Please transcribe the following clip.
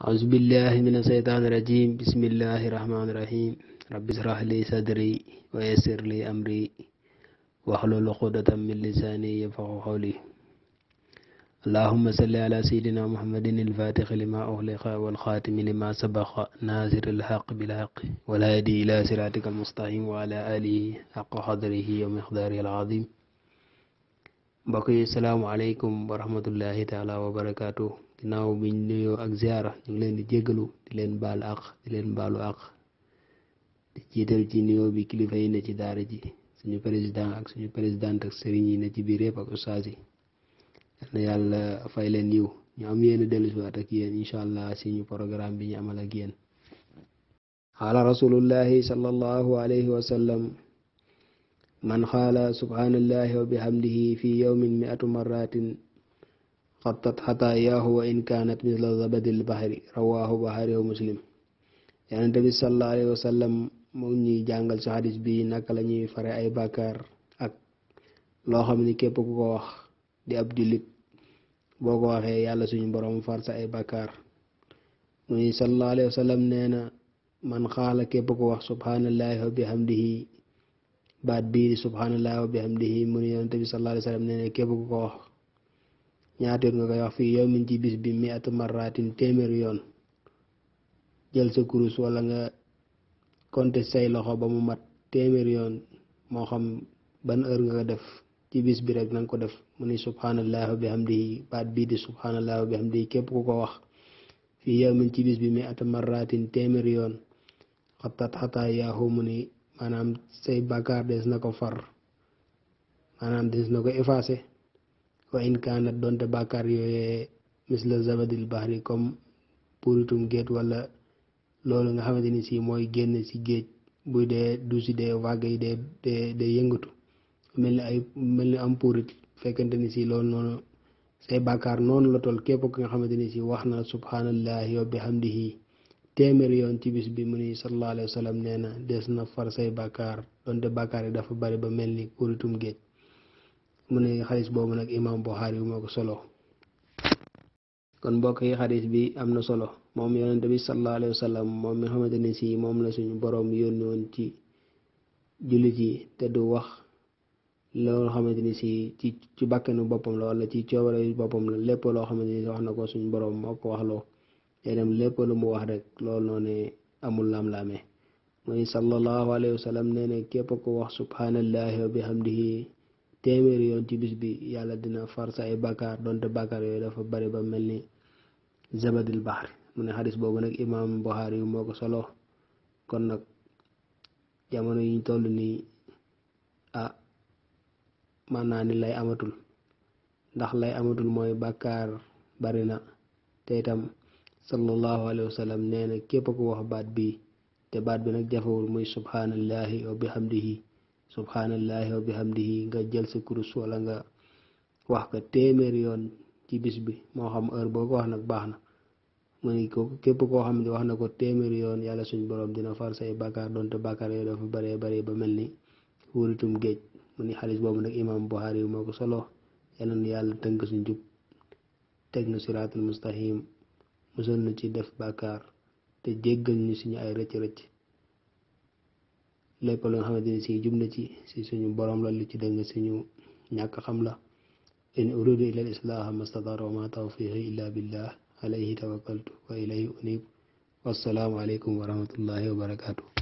أعوذ بالله من الشيطان الرجيم بسم الله الرحمن الرحيم رب اشرح لي صدري ويسر لي أمري واحلل عقدة من لساني يفقهوا قولي اللهم صل على سيدنا محمد الفاتح لما أغلق والخاتم لما سبق ناصر الحق بالحق والهادي إلى صراطك المستقيم وعلى آله حق قدره ومقداره العظيم بقي السلام عليكم ورحمة الله تعالى وبركاته ginnaaw biñ nuyoo ak ziara ñu ngi leen di jéggalu di leen baalu àq di leen baalu àq di jiital ci nuyoo bi kilifa yi ci daara ji suñu président ak suñu présidente ak sëriñ yi ci biir yëpp ak ustaas yi yal fay leen yiw ñu am yéen dellusiwaat ak yéen incha allah suñu programme bi ñu amal ak yéen xaala rasulullahi sallallahu alayhi wa man xaala subhanallahi wa bihamdihi fi yawmin mi'atu marratin قطت حتى إياه وإن كانت مثل زبد البحر رواه بحري ومسلم يعني النبي صلى الله عليه وسلم من جانجل سحادث بي نقل ني فري أي باكار أك لو خمني كيب كوخ دي أبدلت بوغوه يالا سنين بروم فارس أي باكار من صلى الله عليه وسلم نينا من خال كيب كوخ سبحان الله وبحمده بعد بي سبحان الله وبحمده من النبي صلى الله عليه وسلم نينا كيب كوخ ñaata yoon nga koy wax fii yow min ci bis bi mi atu marratin téeméer yoon jël sa kurus wala nga compté say loxo ba mu mat téeméer yoon moo xam ban heure nga ko def ci bis bi rek na ko def mu ni subhanallah wa bihamdihi baat bii di subhanallah wa bihamdihi képp ku ko wax fii yow min ci bis bi mi atu marratin téeméer yoon xatat xataa yaahu mu ni maanaam say des na ko far maanaam des na ko effacé wa in kaanat donte bàkkaar yooyee misla zabadil bahri comme puritum géej walla loolu nga xamante ni si mooy génn si géej buy dee du si dee vague yi dee dee dee yëngatu mel ni ay mel ni am purit fekkente ni si loolu noonu say bàkkaar noonu la toll képp ko nga xamante ni si wax na subhanallahi wa bihamdihi téeméer yoon ci bis bi mu ni sallallahu alayhi wa na des na far say bàkkaar donte bàkkaar yi dafa bari ba mel ni puritum géej mu ne xadis boobu nag imam Buxaari bi moo ko solo kon mbokk yi xadis bi am na solo moom yonente bi sallallahu alayhi wa moom mi xamante ne si moom la suñu boroom yónni woon ci jullit yi te du wax loolu xamante ni si ci ci bàkkenu boppam la wala ci coobare boppam la lépp loo xamante ni wax na ko suñu boroom moo ko waxloo te dem lépp lu mu wax rek loolu noo ne amul lam-laamee muy sallallahu alayhi wa sallam képp ko wax subhanallahi wa bihamdihi temere yonti bisbi yalla dina farsa e bakar donte bakar yo dafa bari ba melni zabadil bahri mune hadis boobu nag imam bohari moo ko solo kon nag jamono yiñ toll ni a mannaa ni lay amatul ndax lay amatul mooy bakar bari na te itam salallahu alehi wasallam nee na képp ko wax baat bi te baat bi nag jafewul muy subhanallahi wa bihamdihi subhanallahi wa bihamdihi nga jël si kurus wala nga wax ko téeméeri yoon ci bis bi moo xam heure boo ko wax nag baax na mu ne ko képp koo xam ne wax na ko téeméeri yoon yàlla suñ borom dina far say bàkkaar donte bàkkaar yooyu baree baree ba mel ni wuritum géej mu ni xaalis boobu nag imaam Buxaari yi moo ko solo yeneen yàlla tëng suñ jub teg na siraatul mustaqim musal na ci def bàkkaar te jéggal ñu suñu ay rëcc rëcc lépp lo xamanteni ci jumna ci ci suñu borom la li ci dëng suñu ñàkk xam la in uridu ila al-islah mastataar wa ma tawfiqi illa billah alayhi tawakkaltu wa ilayhi unib wassalamu alaykum wa rahmatullahi wa barakatuh